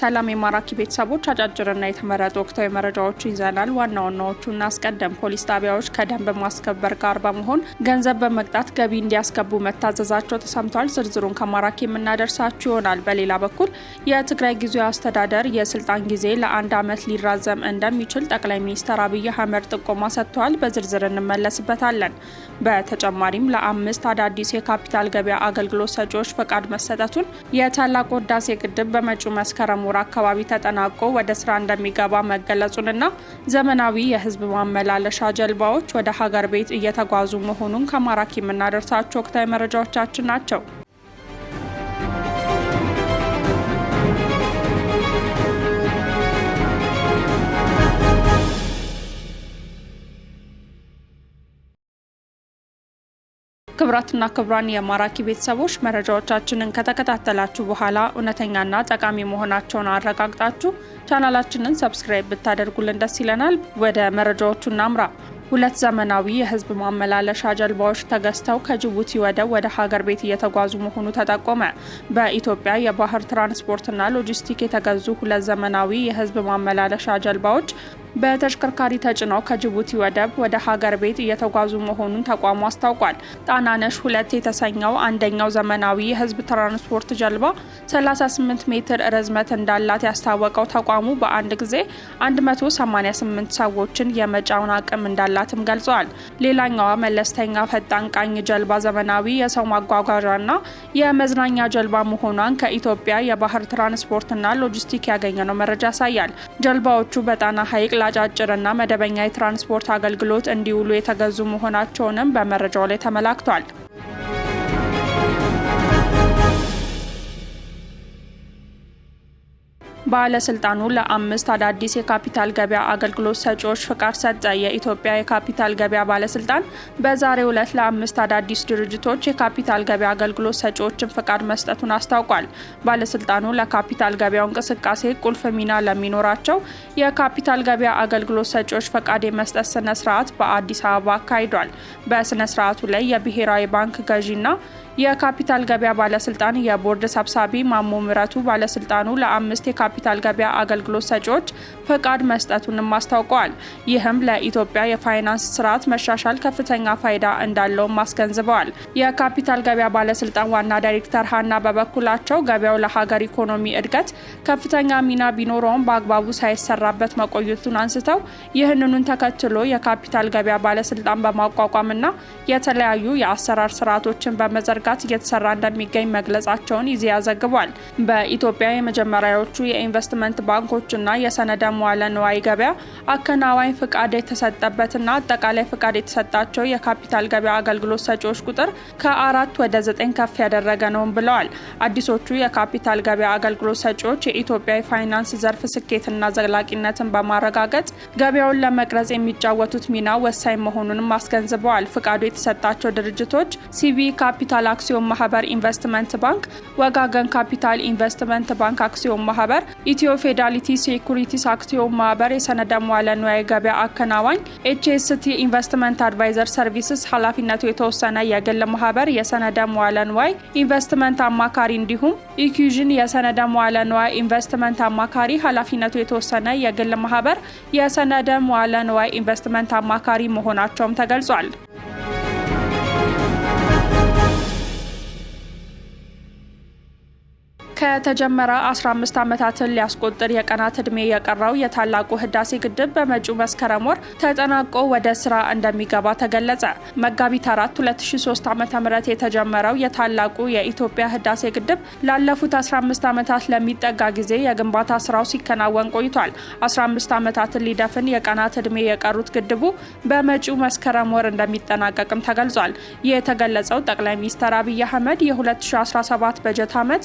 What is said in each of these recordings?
ሰላም የማራኪ ቤተሰቦች አጫጭርና የተመረጡ ወቅታዊ መረጃዎቹ ይዘናል። ዋና ዋናዎቹ እናስቀደም። ፖሊስ ጣቢያዎች ከደንብ ማስከበር ጋር በመሆን ገንዘብ በመቅጣት ገቢ እንዲያስገቡ መታዘዛቸው ተሰምቷል። ዝርዝሩን ከማራኪ የምናደርሳችሁ ይሆናል። በሌላ በኩል የትግራይ ጊዜያዊ አስተዳደር የስልጣን ጊዜ ለአንድ ዓመት ሊራዘም እንደሚችል ጠቅላይ ሚኒስትር አብይ አህመድ ጥቆማ ሰጥተዋል። በዝርዝር እንመለስበታለን። በተጨማሪም ለአምስት አዳዲስ የካፒታል ገበያ አገልግሎት ሰጪዎች ፈቃድ መሰጠቱን፣ የታላቁ ህዳሴ ግድብ በመጪው መስከረም አሞራ አካባቢ ተጠናቆ ወደ ስራ እንደሚገባ መገለጹንና ዘመናዊ የህዝብ ማመላለሻ ጀልባዎች ወደ ሀገር ቤት እየተጓዙ መሆኑን ከማራኪ የምናደርሳቸው ወቅታዊ መረጃዎቻችን ናቸው። ክብራትና ክብራን የማራኪ ቤተሰቦች መረጃዎቻችንን ከተከታተላችሁ በኋላ እውነተኛና ጠቃሚ መሆናቸውን አረጋግጣችሁ ቻናላችንን ሰብስክራይብ ብታደርጉልን ደስ ይለናል። ወደ መረጃዎቹ እናምራ። ሁለት ዘመናዊ የህዝብ ማመላለሻ ጀልባዎች ተገዝተው ከጅቡቲ ወደብ ወደ ሀገር ቤት እየተጓዙ መሆኑ ተጠቆመ። በኢትዮጵያ የባህር ትራንስፖርትና ሎጂስቲክ የተገዙ ሁለት ዘመናዊ የህዝብ ማመላለሻ ጀልባዎች በተሽከርካሪ ተጭነው ከጅቡቲ ወደብ ወደ ሀገር ቤት እየተጓዙ መሆኑን ተቋሙ አስታውቋል። ጣናነሽ ሁለት የተሰኘው አንደኛው ዘመናዊ የህዝብ ትራንስፖርት ጀልባ 38 ሜትር ርዝመት እንዳላት ያስታወቀው ተቋሙ በአንድ ጊዜ 188 ሰዎችን የመጫውን አቅም እንዳላትም ገልጸዋል። ሌላኛዋ መለስተኛ ፈጣን ቃኝ ጀልባ ዘመናዊ የሰው ማጓጓዣና የመዝናኛ ጀልባ መሆኗን ከኢትዮጵያ የባህር ትራንስፖርትና ሎጂስቲክ ያገኘ ነው መረጃ ያሳያል። ጀልባዎቹ በጣና ሐይቅ ለአጫጭርና መደበኛ የትራንስፖርት አገልግሎት እንዲውሉ የተገዙ መሆናቸውንም በመረጃው ላይ ተመላክቷል። ባለስልጣኑ ለአምስት አዳዲስ የካፒታል ገበያ አገልግሎት ሰጪዎች ፍቃድ ሰጠ። የኢትዮጵያ የካፒታል ገበያ ባለስልጣን በዛሬው ዕለት ለአምስት አዳዲስ ድርጅቶች የካፒታል ገበያ አገልግሎት ሰጪዎችን ፍቃድ መስጠቱን አስታውቋል። ባለስልጣኑ ለካፒታል ገበያው እንቅስቃሴ ቁልፍ ሚና ለሚኖራቸው የካፒታል ገበያ አገልግሎት ሰጪዎች ፈቃድ የመስጠት ስነ ስርዓት በአዲስ አበባ አካሂዷል። በስነ ስርዓቱ ላይ የብሔራዊ ባንክ ገዢና የካፒታል ገበያ ባለስልጣን የቦርድ ሰብሳቢ ማሞ ምረቱ ባለስልጣኑ ለአምስት የካፒ የካፒታል ገበያ አገልግሎት ሰጪዎች ፈቃድ መስጠቱንም አስታውቀዋል። ይህም ለኢትዮጵያ የፋይናንስ ስርዓት መሻሻል ከፍተኛ ፋይዳ እንዳለውም አስገንዝበዋል። የካፒታል ገበያ ባለስልጣን ዋና ዳይሬክተር ሀና በበኩላቸው ገበያው ለሀገር ኢኮኖሚ እድገት ከፍተኛ ሚና ቢኖረውም በአግባቡ ሳይሰራበት መቆየቱን አንስተው ይህንኑን ተከትሎ የካፒታል ገበያ ባለስልጣን በማቋቋምና የተለያዩ የአሰራር ስርዓቶችን በመዘርጋት እየተሰራ እንደሚገኝ መግለጻቸውን ይዜ ያዘግቧል። በኢትዮጵያ የመጀመሪያዎቹ የኢንቨስትመንት ባንኮችና የሰነደ መዋለ ንዋይ ገበያ አከናዋኝ ፍቃድ የተሰጠበትና አጠቃላይ ፍቃድ የተሰጣቸው የካፒታል ገበያ አገልግሎት ሰጪዎች ቁጥር ከአራት ወደ ዘጠኝ ከፍ ያደረገ ነውም ብለዋል። አዲሶቹ የካፒታል ገበያ አገልግሎት ሰጪዎች የኢትዮጵያ የፋይናንስ ዘርፍ ስኬትና ዘላቂነትን በማረጋገጥ ገበያውን ለመቅረጽ የሚጫወቱት ሚና ወሳኝ መሆኑንም አስገንዝበዋል። ፍቃዱ የተሰጣቸው ድርጅቶች ሲቪ ካፒታል አክሲዮን ማህበር ኢንቨስትመንት ባንክ፣ ወጋገን ካፒታል ኢንቨስትመንት ባንክ አክሲዮን ማህበር፣ ኢትዮ ፌዴራሊቲ ሴኩሪቲስ አክሲዮን ማህበር የሰነደ መዋለ ንዋይ ገበያ አከናዋኝ ኤችኤስቲ ኢንቨስትመንት አድቫይዘር ሰርቪስስ ኃላፊነቱ የተወሰነ የግል ማህበር የሰነደ መዋለ ንዋይ ኢንቨስትመንት አማካሪ እንዲሁም ኢኩዥን የሰነደ መዋለ ንዋይ ኢንቨስትመንት አማካሪ ኃላፊነቱ የተወሰነ የግል ማህበር የሰነደ መዋለ ንዋይ ኢንቨስትመንት አማካሪ መሆናቸውም ተገልጿል። ከተጀመረ 15 ዓመታትን ሊያስቆጥር የቀናት ዕድሜ የቀረው የታላቁ ህዳሴ ግድብ በመጪው መስከረም ወር ተጠናቆ ወደ ስራ እንደሚገባ ተገለጸ። መጋቢት 4 2003 ዓ.ም የተጀመረው የታላቁ የኢትዮጵያ ህዳሴ ግድብ ላለፉት 15 ዓመታት ለሚጠጋ ጊዜ የግንባታ ስራው ሲከናወን ቆይቷል። 15 ዓመታትን ሊደፍን የቀናት ዕድሜ የቀሩት ግድቡ በመጪው መስከረም ወር እንደሚጠናቀቅም ተገልጿል። ይህ የተገለጸው ጠቅላይ ሚኒስትር አብይ አህመድ የ2017 በጀት ዓመት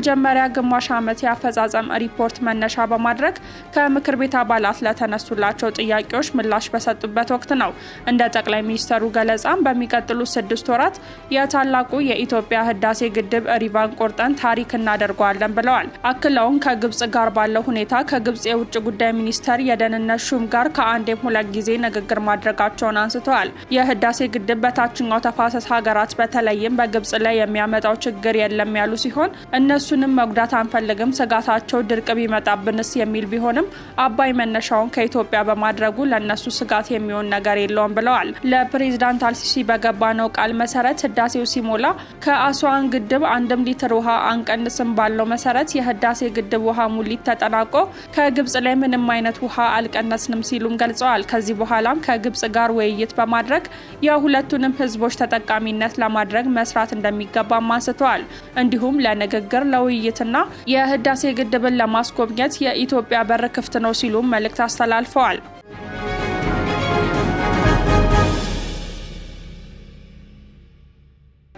የመጀመሪያ ግማሽ ዓመት የአፈጻጸም ሪፖርት መነሻ በማድረግ ከምክር ቤት አባላት ለተነሱላቸው ጥያቄዎች ምላሽ በሰጡበት ወቅት ነው። እንደ ጠቅላይ ሚኒስተሩ ገለጻም በሚቀጥሉት ስድስት ወራት የታላቁ የኢትዮጵያ ህዳሴ ግድብ ሪቫን ቆርጠን ታሪክ እናደርገዋለን ብለዋል። አክለውም ከግብጽ ጋር ባለው ሁኔታ ከግብጽ የውጭ ጉዳይ ሚኒስተር የደህንነት ሹም ጋር ከአንዴም ሁለት ጊዜ ንግግር ማድረጋቸውን አንስተዋል። የህዳሴ ግድብ በታችኛው ተፋሰስ ሀገራት በተለይም በግብጽ ላይ የሚያመጣው ችግር የለም ያሉ ሲሆን እነሱ እነሱንም መጉዳት አንፈልግም። ስጋታቸው ድርቅ ቢመጣብንስ የሚል ቢሆንም አባይ መነሻውን ከኢትዮጵያ በማድረጉ ለእነሱ ስጋት የሚሆን ነገር የለውም ብለዋል። ለፕሬዝዳንት አልሲሲ በገባነው ቃል መሰረት ህዳሴው ሲሞላ ከአስዋን ግድብ አንድም ሊትር ውሃ አንቀንስም ባለው መሰረት የህዳሴ ግድብ ውሃ ሙሊት ተጠናቆ ከግብጽ ላይ ምንም አይነት ውሃ አልቀነስንም ሲሉም ገልጸዋል። ከዚህ በኋላም ከግብጽ ጋር ውይይት በማድረግ የሁለቱንም ህዝቦች ተጠቃሚነት ለማድረግ መስራት እንደሚገባም አንስተዋል። እንዲሁም ለንግግር ለ ለውይይትና የህዳሴ ግድብን ለማስጎብኘት የኢትዮጵያ በር ክፍት ነው ሲሉም መልእክት አስተላልፈዋል።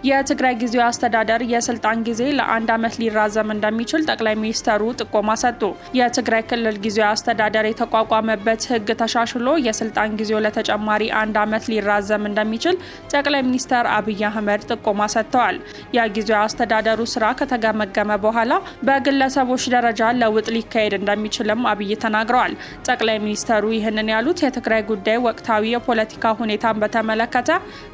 የትግራይ ጊዜያዊ አስተዳደር የስልጣን ጊዜ ለአንድ ዓመት ሊራዘም እንደሚችል ጠቅላይ ሚኒስተሩ ጥቆማ ሰጡ። የትግራይ ክልል ጊዜያዊ አስተዳደር የተቋቋመበት ሕግ ተሻሽሎ የስልጣን ጊዜው ለተጨማሪ አንድ ዓመት ሊራዘም እንደሚችል ጠቅላይ ሚኒስተር አብይ አህመድ ጥቆማ ሰጥተዋል። የጊዜያዊ አስተዳደሩ ስራ ከተገመገመ በኋላ በግለሰቦች ደረጃ ለውጥ ሊካሄድ እንደሚችልም አብይ ተናግረዋል። ጠቅላይ ሚኒስተሩ ይህንን ያሉት የትግራይ ጉዳይ ወቅታዊ የፖለቲካ ሁኔታን በተመለከተ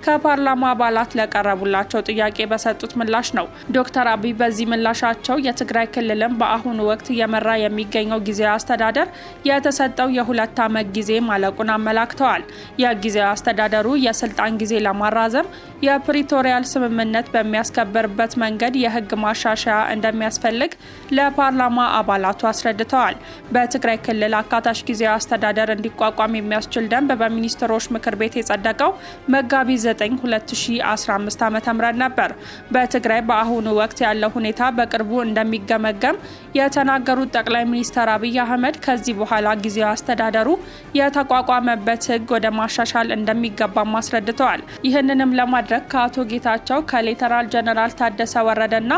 ከፓርላማ አባላት ለቀረቡላቸው ለቀረበላቸው ጥያቄ በሰጡት ምላሽ ነው። ዶክተር አብይ በዚህ ምላሻቸው የትግራይ ክልልን በአሁኑ ወቅት እየመራ የሚገኘው ጊዜያዊ አስተዳደር የተሰጠው የሁለት ዓመት ጊዜ ማለቁን አመላክተዋል። የጊዜያዊ አስተዳደሩ የስልጣን ጊዜ ለማራዘም የፕሪቶሪያል ስምምነት በሚያስከብርበት መንገድ የህግ ማሻሻያ እንደሚያስፈልግ ለፓርላማ አባላቱ አስረድተዋል። በትግራይ ክልል አካታች ጊዜያዊ አስተዳደር እንዲቋቋም የሚያስችል ደንብ በሚኒስትሮች ምክር ቤት የጸደቀው መጋቢት 9 2015 ዓ.ም ተናግረን ነበር። በትግራይ በአሁኑ ወቅት ያለው ሁኔታ በቅርቡ እንደሚገመገም የተናገሩት ጠቅላይ ሚኒስትር አብይ አህመድ ከዚህ በኋላ ጊዜያዊ አስተዳደሩ የተቋቋመበት ህግ ወደ ማሻሻል እንደሚገባም አስረድተዋል። ይህንንም ለማድረግ ከአቶ ጌታቸው ከሌተናል ጀነራል ታደሰ ወረደና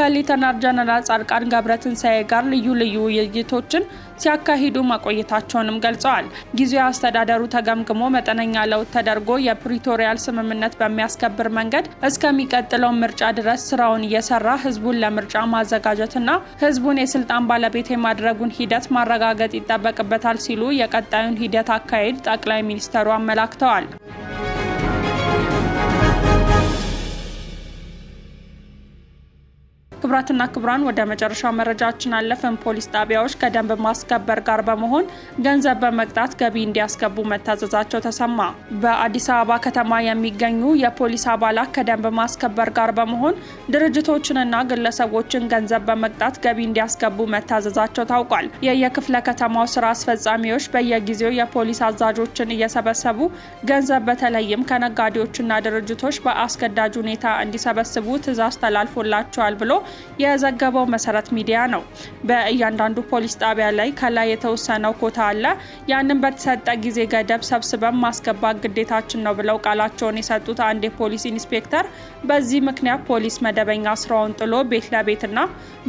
ከሌተናል ጀነራል ጻድቃን ገብረትንሳኤ ጋር ልዩ ልዩ ውይይቶችን ሲያካሂዱ መቆየታቸውንም ገልጸዋል። ጊዜያዊ አስተዳደሩ ተገምግሞ መጠነኛ ለውጥ ተደርጎ የፕሪቶሪያል ስምምነት በሚያስከብር መንገድ እስከ እስከሚቀጥለው ምርጫ ድረስ ስራውን እየሰራ ህዝቡን ለምርጫ ማዘጋጀትና ህዝቡን የስልጣን ባለቤት የማድረጉን ሂደት ማረጋገጥ ይጠበቅበታል ሲሉ የቀጣዩን ሂደት አካሄድ ጠቅላይ ሚኒስተሩ አመላክተዋል። ክቡራትና ክቡራን ወደ መጨረሻው መረጃችን አለፍን። ፖሊስ ጣቢያዎች ከደንብ ማስከበር ጋር በመሆን ገንዘብ በመቅጣት ገቢ እንዲያስገቡ መታዘዛቸው ተሰማ። በአዲስ አበባ ከተማ የሚገኙ የፖሊስ አባላት ከደንብ ማስከበር ጋር በመሆን ድርጅቶችንና ግለሰቦችን ገንዘብ በመቅጣት ገቢ እንዲያስገቡ መታዘዛቸው ታውቋል። የየክፍለ ከተማው ስራ አስፈጻሚዎች በየጊዜው የፖሊስ አዛዦችን እየሰበሰቡ ገንዘብ በተለይም ከነጋዴዎችና ድርጅቶች በአስገዳጅ ሁኔታ እንዲሰበስቡ ትዕዛዝ ተላልፎላቸዋል ብሎ የዘገበው መሰረት ሚዲያ ነው። በእያንዳንዱ ፖሊስ ጣቢያ ላይ ከላይ የተወሰነው ኮታ አለ። ያንን በተሰጠ ጊዜ ገደብ ሰብስበን ማስገባት ግዴታችን ነው ብለው ቃላቸውን የሰጡት አንድ የፖሊስ ኢንስፔክተር በዚህ ምክንያት ፖሊስ መደበኛ ስራውን ጥሎ ቤት ለቤትና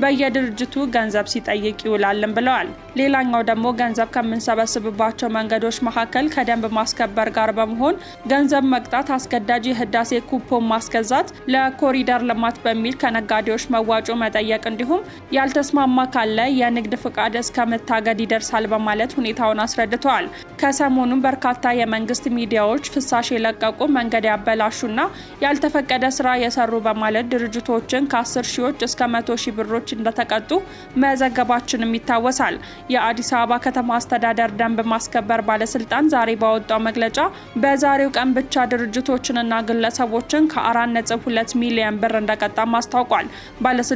በየድርጅቱ ገንዘብ ሲጠይቅ ይውላልን ብለዋል። ሌላኛው ደግሞ ገንዘብ ከምንሰበስብባቸው መንገዶች መካከል ከደንብ ማስከበር ጋር በመሆን ገንዘብ መቅጣት፣ አስገዳጅ የህዳሴ ኩፖን ማስገዛት፣ ለኮሪደር ልማት በሚል ከነጋዴዎች መዋጮ ሻጩ መጠየቅ እንዲሁም ያልተስማማ ካለ የንግድ ፍቃድ እስከ መታገድ ይደርሳል በማለት ሁኔታውን አስረድተዋል። ከሰሞኑም በርካታ የመንግስት ሚዲያዎች ፍሳሽ የለቀቁ መንገድ ያበላሹና ያልተፈቀደ ስራ የሰሩ በማለት ድርጅቶችን ከ 10 ሺዎች እስከ መቶ ሺ ብሮች እንደተቀጡ መዘገባችንም ይታወሳል። የአዲስ አበባ ከተማ አስተዳደር ደንብ ማስከበር ባለስልጣን ዛሬ ባወጣው መግለጫ በዛሬው ቀን ብቻ ድርጅቶችንና ግለሰቦችን ከ4.2 ሚሊዮን ብር እንደቀጣም አስታውቋል።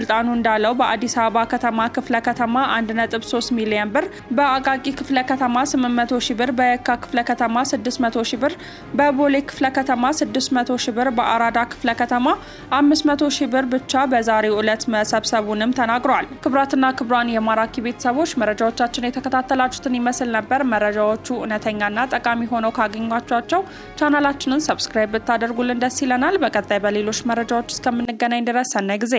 ባለስልጣኑ እንዳለው በአዲስ አበባ ከተማ ክፍለ ከተማ 1.3 ሚሊዮን ብር፣ በአቃቂ ክፍለ ከተማ 800 ሺ ብር፣ በየካ ክፍለ ከተማ 600 ሺ ብር፣ በቦሌ ክፍለ ከተማ 600 ሺ ብር፣ በአራዳ ክፍለ ከተማ 500 ሺ ብር ብቻ በዛሬው ዕለት መሰብሰቡንም ተናግረዋል። ክብራትና ክቡራን የማራኪ ቤተሰቦች መረጃዎቻችን የተከታተላችሁትን ይመስል ነበር። መረጃዎቹ እውነተኛና ጠቃሚ ሆነው ካገኟቸው ቻናላችንን ሰብስክራይብ ብታደርጉልን ደስ ይለናል። በቀጣይ በሌሎች መረጃዎች እስከምንገናኝ ድረስ ሰናይ ጊዜ